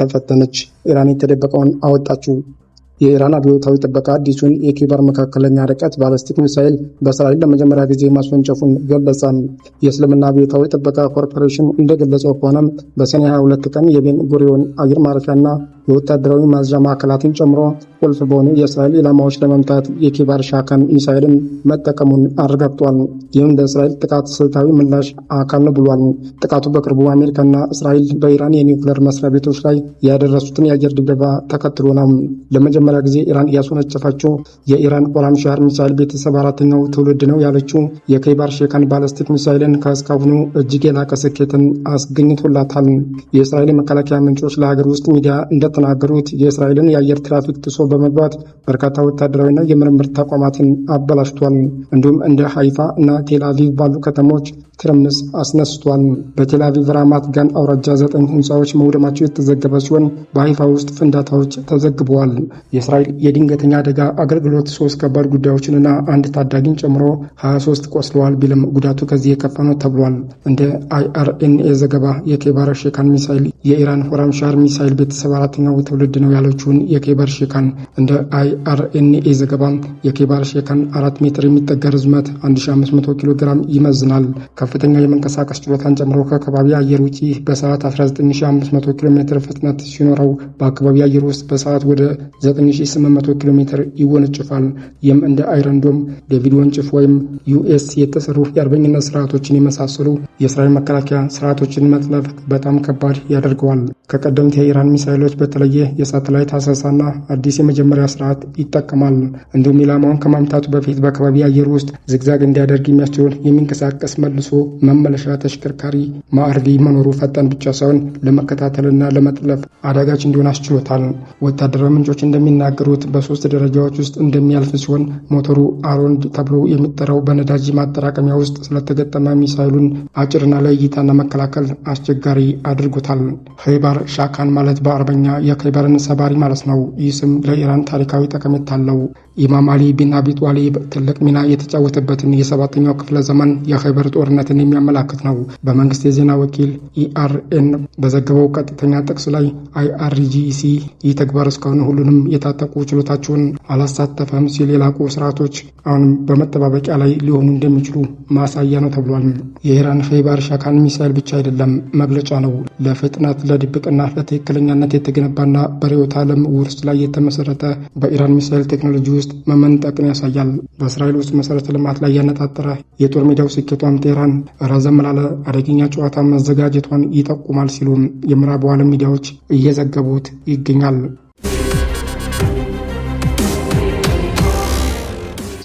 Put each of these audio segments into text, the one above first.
ተፈተነች። ኢራን የተደበቀውን አወጣችው። የኢራን አብዮታዊ ጥበቃ አዲሱን የኪባር መካከለኛ ርቀት ባለስቲክ ሚሳይል በእስራኤል ለመጀመሪያ ጊዜ ማስወንጨፉን ገለጸ። የእስልምና አብዮታዊ ጥበቃ ኮርፖሬሽን እንደገለጸው ከሆነም በሰኔ 22 ቀን የቤን ጉሪዮን አየር ማረፊያና የወታደራዊ ማዝዣ ማዕከላትን ጨምሮ ቁልፍ በሆኑ የእስራኤል ኢላማዎች ለመምታት የኪባር ሻካን ሚሳኤልን መጠቀሙን አረጋግጧል። ይህም ለእስራኤል ጥቃት ስልታዊ ምላሽ አካል ነው ብሏል። ጥቃቱ በቅርቡ አሜሪካና እስራኤል በኢራን የኒውክሌር መስሪያ ቤቶች ላይ ያደረሱትን የአየር ድብደባ ተከትሎ ነው። ለመጀመሪያ ጊዜ ኢራን ያስወነጨፈችው የኢራን ኦላም ሻር ሚሳኤል ቤተሰብ አራተኛው ትውልድ ነው ያለችው የኬባር ሻካን ባለስቲክ ሚሳኤልን ከእስካሁኑ እጅግ የላቀ ስኬትን አስገኝቶላታል። የእስራኤል መከላከያ ምንጮች ለሀገር ውስጥ ሚዲያ እንደ እንደተናገሩት የእስራኤልን የአየር ትራፊክ ጥሶ በመግባት በርካታ ወታደራዊና የምርምር ተቋማትን አበላሽቷል። እንዲሁም እንደ ሀይፋ እና ቴል አቪቭ ባሉ ከተሞች ትርምስ አስነስቷል። በቴልአቪቭ ራማት ጋን አውራጃ ዘጠኝ ህንፃዎች መውደማቸው የተዘገበ ሲሆን በሀይፋ ውስጥ ፍንዳታዎች ተዘግበዋል። የእስራኤል የድንገተኛ አደጋ አገልግሎት ሶስት ከባድ ጉዳዮችንና አንድ ታዳጊን ጨምሮ 23 ቆስለዋል ቢልም ጉዳቱ ከዚህ የከፋ ነው ተብሏል። እንደ አይአርኤንኤ ዘገባ የኬባር ሼካን ሚሳይል የኢራን ሆራም ሻር ሚሳይል ቤተሰብ አራተኛው ትውልድ ነው ያለችውን የኬባር ሼካን እንደ አይአርኤንኤ ዘገባ የኬባር ሼካን አራት ሜትር የሚጠጋ ርዝመት 1500 ኪሎ ግራም ይመዝናል። ከፍተኛ የመንቀሳቀስ ችሎታን ጨምሮ ከአካባቢ አየር ውጪ በሰዓት 19500 ኪሎ ሜትር ፍጥነት ሲኖረው በአካባቢ አየር ውስጥ በሰዓት ወደ 9800 ኪሎ ሜትር ይወነጭፋል። ይህም እንደ አይረንዶም፣ ዴቪድ ወንጭፍ ወይም ዩኤስ የተሰሩ የአርበኝነት ስርዓቶችን የመሳሰሉ የእስራኤል መከላከያ ስርዓቶችን መጥለፍ በጣም ከባድ ያደርገዋል። ከቀደምት የኢራን ሚሳይሎች በተለየ የሳተላይት አሰሳና አዲስ የመጀመሪያ ስርዓት ይጠቀማል። እንዲሁም ኢላማውን ከማምታቱ በፊት በአካባቢ አየር ውስጥ ዝግዛግ እንዲያደርግ የሚያስችል የሚንቀሳቀስ መልሶ መመለሻ ተሽከርካሪ ማዕርዲ መኖሩ ፈጣን ብቻ ሳይሆን ለመከታተልና ለመጥለፍ አዳጋች እንዲሆን አስችሎታል። ወታደራዊ ምንጮች እንደሚናገሩት በሶስት ደረጃዎች ውስጥ እንደሚያልፍ ሲሆን ሞተሩ አሮንድ ተብሎ የሚጠራው በነዳጅ ማጠራቀሚያ ውስጥ ስለተገጠመ ሚሳይሉን አጭርና ለእይታና መከላከል አስቸጋሪ አድርጎታል። ኸይባር ሻካን ማለት በአረበኛ የኸይበርን ሰባሪ ማለት ነው። ይህ ስም ለኢራን ታሪካዊ ጠቀሜታ አለው። ኢማም አሊ ቢን አቢ ጧሊብ ትልቅ ሚና የተጫወተበትን የሰባተኛው ክፍለ ዘመን የኸይበር ጦርነት ምክንያትን የሚያመላክት ነው። በመንግስት የዜና ወኪል ኢአርኤን e በዘገበው ቀጥተኛ ጥቅስ ላይ አይአርጂሲ ይህ ተግባር እስካሁን ሁሉንም የታጠቁ ችሎታቸውን አላሳተፈም ሲል የላቁ ስርዓቶች አሁንም በመጠባበቂያ ላይ ሊሆኑ እንደሚችሉ ማሳያ ነው ተብሏል። የኢራን ኸይባር ሻካን ሚሳይል ብቻ አይደለም መግለጫ ነው። ለፍጥነት ለድብቅና ለትክክለኛነት የተገነባና በርዕዮተ ዓለም ውርስ ላይ የተመሰረተ በኢራን ሚሳይል ቴክኖሎጂ ውስጥ መመንጠቅን ያሳያል። በእስራኤል ውስጥ መሰረተ ልማት ላይ ያነጣጠረ የጦር ሜዳው ስኬቷም ቴህራን ረዘም ላለ አደገኛ ጨዋታ መዘጋጀቷን ይጠቁማል ሲሉም የምዕራቡ ዓለም ሚዲያዎች እየዘገቡት ይገኛል።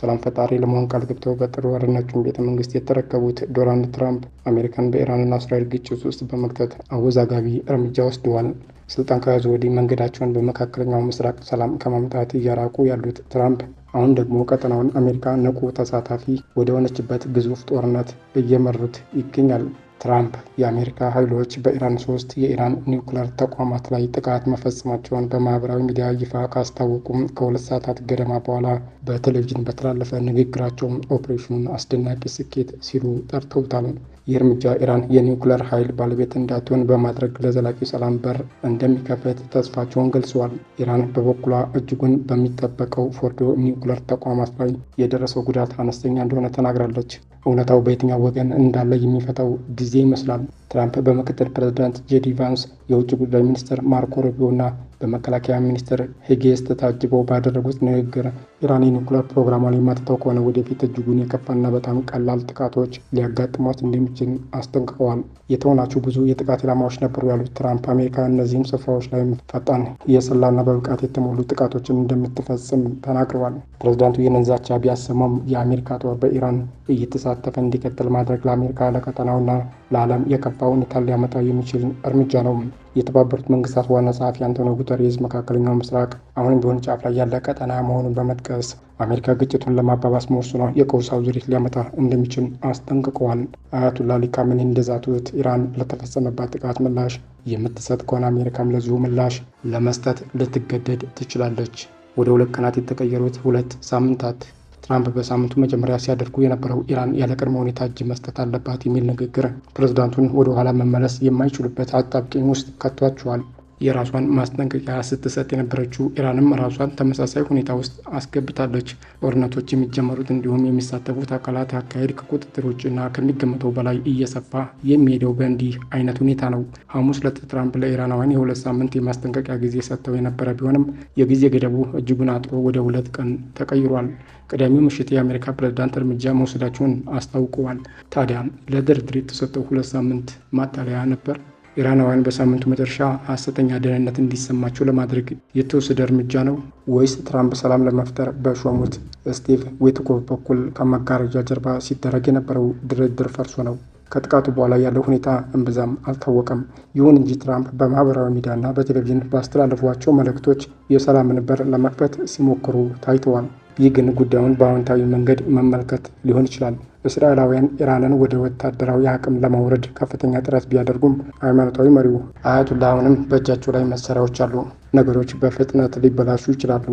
ሰላም ፈጣሪ ለመሆን ቃል ገብተው በጥር ወር ነጩን ቤተ መንግስት የተረከቡት ዶናልድ ትራምፕ አሜሪካን በኢራንና እስራኤል ግጭት ውስጥ በመክተት አወዛጋቢ እርምጃ ወስደዋል። ስልጣን ከያዙ ወዲህ መንገዳቸውን በመካከለኛው ምስራቅ ሰላም ከማምጣት እያራቁ ያሉት ትራምፕ አሁን ደግሞ ቀጠናውን አሜሪካ ንቁ ተሳታፊ ወደ ሆነችበት ግዙፍ ጦርነት እየመሩት ይገኛል። ትራምፕ የአሜሪካ ኃይሎች በኢራን ሶስት የኢራን ኒውክለር ተቋማት ላይ ጥቃት መፈጸማቸውን በማህበራዊ ሚዲያ ይፋ ካስታወቁም ከሁለት ሰዓታት ገደማ በኋላ በቴሌቪዥን በተላለፈ ንግግራቸውም ኦፕሬሽኑን አስደናቂ ስኬት ሲሉ ጠርተውታል። ይህ እርምጃ ኢራን የኒውክለር ኃይል ባለቤት እንዳትሆን በማድረግ ለዘላቂ ሰላም በር እንደሚከፍት ተስፋቸውን ገልጸዋል። ኢራን በበኩሏ እጅጉን በሚጠበቀው ፎርዶ ኒውክለር ተቋማት ላይ የደረሰው ጉዳት አነስተኛ እንደሆነ ተናግራለች። እውነታው በየትኛው ወገን እንዳለ የሚፈታው ጊዜ ይመስላል። ትራምፕ በምክትል ፕሬዚዳንት ጄዲ ቫንስ፣ የውጭ ጉዳይ ሚኒስትር ማርኮ ሮቢዮ እና በመከላከያ ሚኒስትር ሄጌስት ታጅበው ባደረጉት ንግግር ኢራን የኒኩሌር ፕሮግራሟን የማትተው ከሆነ ወደፊት እጅጉን የከፋና በጣም ቀላል ጥቃቶች ሊያጋጥሟት እንደሚችል አስጠንቅቀዋል። የተሆናችሁ ብዙ የጥቃት ኢላማዎች ነበሩ ያሉት ትራምፕ አሜሪካ እነዚህም ስፍራዎች ላይ ፈጣን የሰላና በብቃት የተሞሉ ጥቃቶችን እንደምትፈጽም ተናግረዋል። ፕሬዚዳንቱ ይህንን ዛቻ ቢያሰማም የአሜሪካ ጦር በኢራን እየተሳተፈ እንዲቀጥል ማድረግ ለአሜሪካ ለቀጠናውና ለዓለም የከፋ ሁኔታን ሊያመጣ የሚችል እርምጃ ነው። የተባበሩት መንግስታት ዋና ጸሐፊ አንቶኒዮ ጉተሬዝ መካከለኛው ምስራቅ አሁንም ቢሆን ጫፍ ላይ ያለ ቀጠና መሆኑን በመጥቀስ አሜሪካ ግጭቱን ለማባባስ መወሰኗ የቀውስ አዙሪት ሊያመጣ እንደሚችል አስጠንቅቀዋል። አያቱላ አሊ ካሜኒ እንደዛቱት ኢራን ለተፈጸመባት ጥቃት ምላሽ የምትሰጥ ከሆነ አሜሪካም ለዚሁ ምላሽ ለመስጠት ልትገደድ ትችላለች። ወደ ሁለት ቀናት የተቀየሩት ሁለት ሳምንታት ትራምፕ በሳምንቱ መጀመሪያ ሲያደርጉ የነበረው ኢራን ያለ ቅድመ ሁኔታ እጅ መስጠት አለባት የሚል ንግግር ፕሬዝዳንቱን ወደ ኋላ መመለስ የማይችሉበት አጣብቂኝ ውስጥ ከቷቸዋል። የራሷን ማስጠንቀቂያ ስትሰጥ የነበረችው ኢራንም ራሷን ተመሳሳይ ሁኔታ ውስጥ አስገብታለች። ጦርነቶች የሚጀመሩት እንዲሁም የሚሳተፉት አካላት አካሄድ ከቁጥጥር ውጭና ከሚገመተው በላይ እየሰፋ የሚሄደው በእንዲህ አይነት ሁኔታ ነው። ሐሙስ ዕለት ትራምፕ ለኢራናውያን የሁለት ሳምንት የማስጠንቀቂያ ጊዜ ሰጥተው የነበረ ቢሆንም የጊዜ ገደቡ እጅጉን አጥሮ ወደ ሁለት ቀን ተቀይሯል። ቅዳሜው ምሽት የአሜሪካ ፕሬዝዳንት እርምጃ መውሰዳቸውን አስታውቀዋል። ታዲያ ለድርድር የተሰጠው ሁለት ሳምንት ማታለያ ነበር። ኢራናውያን በሳምንቱ መጨረሻ ሐሰተኛ ደህንነት እንዲሰማቸው ለማድረግ የተወሰደ እርምጃ ነው ወይስ ትራምፕ ሰላም ለመፍጠር በሾሙት ስቲቭ ዊትኮቭ በኩል ከመጋረጃ ጀርባ ሲደረግ የነበረው ድርድር ፈርሶ ነው? ከጥቃቱ በኋላ ያለው ሁኔታ እምብዛም አልታወቀም። ይሁን እንጂ ትራምፕ በማህበራዊ ሚዲያና በቴሌቪዥን ባስተላለፏቸው መልእክቶች የሰላምን በር ለመክፈት ሲሞክሩ ታይተዋል። ይህ ግን ጉዳዩን በአዎንታዊ መንገድ መመልከት ሊሆን ይችላል። እስራኤላውያን ኢራንን ወደ ወታደራዊ አቅም ለማውረድ ከፍተኛ ጥረት ቢያደርጉም ሃይማኖታዊ መሪው አያቱላ አሁንም በእጃቸው ላይ መሳሪያዎች አሉ፣ ነገሮች በፍጥነት ሊበላሹ ይችላሉ።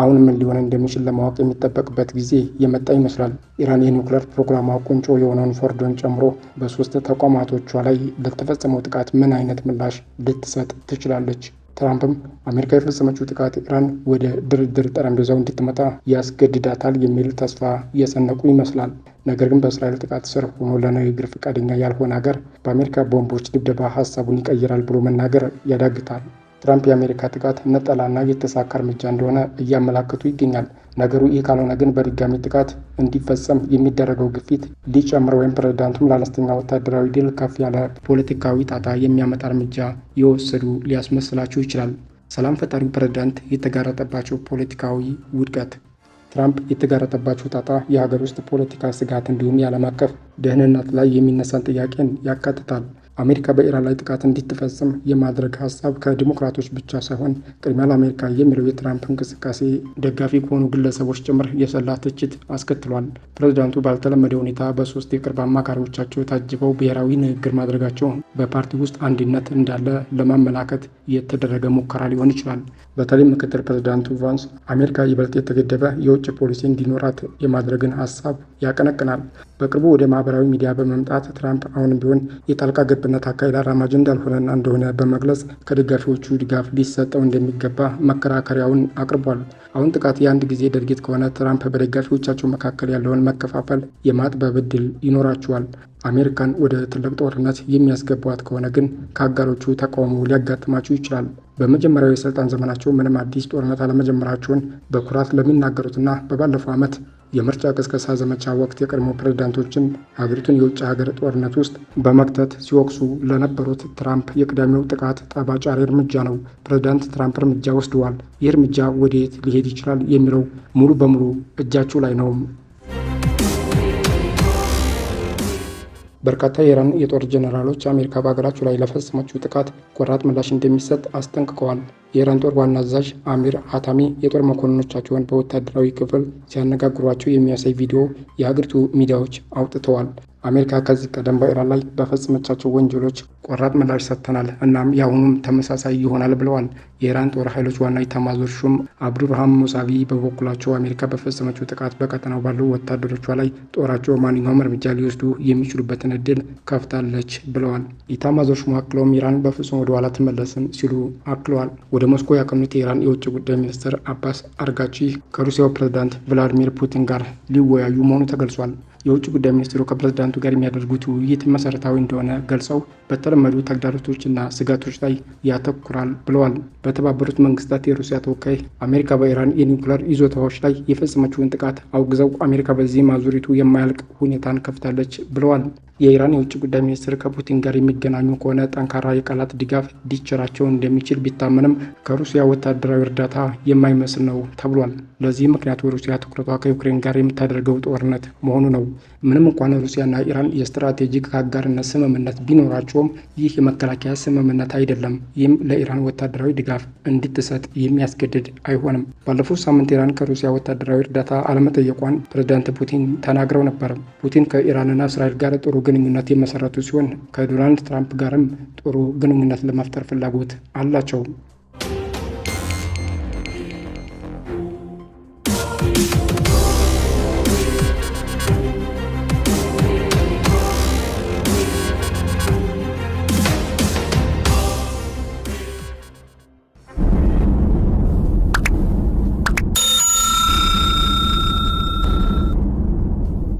አሁን ምን ሊሆን እንደሚችል ለማወቅ የሚጠበቅበት ጊዜ የመጣ ይመስላል። ኢራን የኒውክሌር ፕሮግራሟ ቁንጮ የሆነውን ፎርዶን ጨምሮ በሶስት ተቋማቶቿ ላይ ለተፈጸመው ጥቃት ምን አይነት ምላሽ ልትሰጥ ትችላለች? ትራምፕም አሜሪካ የፈጸመችው ጥቃት ኢራን ወደ ድርድር ጠረጴዛው እንድትመጣ ያስገድዳታል የሚል ተስፋ እየሰነቁ ይመስላል። ነገር ግን በእስራኤል ጥቃት ስር ሆኖ ለንግግር ፈቃደኛ ያልሆነ ሀገር በአሜሪካ ቦምቦች ድብደባ ሀሳቡን ይቀይራል ብሎ መናገር ያዳግታል። ትራምፕ የአሜሪካ ጥቃት ነጠላና የተሳካ እርምጃ እንደሆነ እያመላከቱ ይገኛል። ነገሩ ይህ ካልሆነ ግን በድጋሚ ጥቃት እንዲፈጸም የሚደረገው ግፊት ሊጨምር ወይም ፕሬዚዳንቱም ለአነስተኛ ወታደራዊ ድል ከፍ ያለ ፖለቲካዊ ጣጣ የሚያመጣ እርምጃ የወሰዱ ሊያስመስላችሁ ይችላል። ሰላም ፈጣሪው ፕሬዚዳንት የተጋረጠባቸው ፖለቲካዊ ውድቀት ትራምፕ የተጋረጠባቸው ጣጣ የሀገር ውስጥ ፖለቲካ ስጋት እንዲሁም የዓለም አቀፍ ደህንነት ላይ የሚነሳን ጥያቄን ያካትታል። አሜሪካ በኢራን ላይ ጥቃት እንድትፈጽም የማድረግ ሀሳብ ከዲሞክራቶች ብቻ ሳይሆን ቅድሚያ ለአሜሪካ የሚለው የትራምፕ እንቅስቃሴ ደጋፊ ከሆኑ ግለሰቦች ጭምር የሰላ ትችት አስከትሏል። ፕሬዚዳንቱ ባልተለመደ ሁኔታ በሶስት የቅርብ አማካሪዎቻቸው ታጅበው ብሔራዊ ንግግር ማድረጋቸው በፓርቲ ውስጥ አንድነት እንዳለ ለማመላከት የተደረገ ሙከራ ሊሆን ይችላል። በተለይም ምክትል ፕሬዚዳንቱ ቫንስ አሜሪካ ይበልጥ የተገደበ የውጭ ፖሊሲ እንዲኖራት የማድረግን ሀሳብ ያቀነቅናል። በቅርቡ ወደ ማህበራዊ ሚዲያ በመምጣት ትራምፕ አሁንም ቢሆን የጣልቃ ገብነት አካሄድ አራማጅ እንዳልሆነና እንደሆነ በመግለጽ ከደጋፊዎቹ ድጋፍ ሊሰጠው እንደሚገባ መከራከሪያውን አቅርቧል። አሁን ጥቃት የአንድ ጊዜ ድርጊት ከሆነ ትራምፕ በደጋፊዎቻቸው መካከል ያለውን መከፋፈል የማጥበብ እድል ይኖራቸዋል። አሜሪካን ወደ ትልቅ ጦርነት የሚያስገቧት ከሆነ ግን ከአጋሮቹ ተቃውሞ ሊያጋጥማቸው ይችላል። በመጀመሪያው የስልጣን ዘመናቸው ምንም አዲስ ጦርነት አለመጀመራቸውን በኩራት ለሚናገሩትና በባለፈው ዓመት የምርጫ ቅስቀሳ ዘመቻ ወቅት የቀድሞ ፕሬዝዳንቶችን ሀገሪቱን የውጭ ሀገር ጦርነት ውስጥ በመክተት ሲወቅሱ ለነበሩት ትራምፕ የቅዳሜው ጥቃት ጠባጫሪ እርምጃ ነው። ፕሬዝዳንት ትራምፕ እርምጃ ወስደዋል። ይህ እርምጃ ወዴት ሊሄድ ይችላል የሚለው ሙሉ በሙሉ እጃችሁ ላይ ነው። በርካታ የኢራን የጦር ጀኔራሎች አሜሪካ በሀገራቸው ላይ ለፈጸመችው ጥቃት ቆራጥ ምላሽ እንደሚሰጥ አስጠንቅቀዋል። የኢራን ጦር ዋና አዛዥ አሚር ሀታሚ የጦር መኮንኖቻቸውን በወታደራዊ ክፍል ሲያነጋግሯቸው የሚያሳይ ቪዲዮ የሀገሪቱ ሚዲያዎች አውጥተዋል። አሜሪካ ከዚህ ቀደም በኢራን ላይ በፈጸመቻቸው ወንጀሎች ቆራጥ ምላሽ ሰጥተናል፣ እናም የአሁኑም ተመሳሳይ ይሆናል ብለዋል። የኢራን ጦር ኃይሎች ዋና ኢታማዦር ሹም አብዱርሃም ሙሳቪ በበኩላቸው አሜሪካ በፈጸመችው ጥቃት በቀጠናው ባሉ ወታደሮቿ ላይ ጦራቸው ማንኛውም እርምጃ ሊወስዱ የሚችሉበትን እድል ከፍታለች ብለዋል። ኢታማዦር ሹም አክለውም ኢራን በፍጹም ወደ ኋላ ትመለስም ሲሉ አክለዋል። ወደ ሞስኮ ያቀኑት የኢራን የውጭ ጉዳይ ሚኒስትር አባስ አርጋቺ ከሩሲያው ፕሬዝዳንት ቭላዲሚር ፑቲን ጋር ሊወያዩ መሆኑ ተገልጿል። የውጭ ጉዳይ ሚኒስትሩ ከፕሬዝዳንቱ ጋር የሚያደርጉት ውይይት መሰረታዊ እንደሆነ ገልጸው በተለመዱ ተግዳሮቶችና ስጋቶች ላይ ያተኩራል ብለዋል። በተባበሩት መንግስታት የሩሲያ ተወካይ አሜሪካ በኢራን የኒውክሌር ይዞታዎች ላይ የፈጸመችውን ጥቃት አውግዘው አሜሪካ በዚህ ማዙሪቱ የማያልቅ ሁኔታን ከፍታለች ብለዋል። የኢራን የውጭ ጉዳይ ሚኒስትር ከፑቲን ጋር የሚገናኙ ከሆነ ጠንካራ የቃላት ድጋፍ ሊቸራቸው እንደሚችል ቢታመንም ከሩሲያ ወታደራዊ እርዳታ የማይመስል ነው ተብሏል። ለዚህ ምክንያቱ ሩሲያ ትኩረቷ ከዩክሬን ጋር የምታደርገው ጦርነት መሆኑ ነው። ምንም እንኳን ሩሲያና ኢራን የስትራቴጂክ አጋርነት ስምምነት ቢኖራቸውም ይህ የመከላከያ ስምምነት አይደለም። ይህም ለኢራን ወታደራዊ ድጋፍ እንድትሰጥ የሚያስገድድ አይሆንም። ባለፉት ሳምንት ኢራን ከሩሲያ ወታደራዊ እርዳታ አለመጠየቋን ፕሬዚዳንት ፑቲን ተናግረው ነበር። ፑቲን ከኢራንና እስራኤል ጋር ጥሩ ግንኙነት የመሰረቱ ሲሆን ከዶናልድ ትራምፕ ጋርም ጥሩ ግንኙነት ለመፍጠር ፍላጎት አላቸው።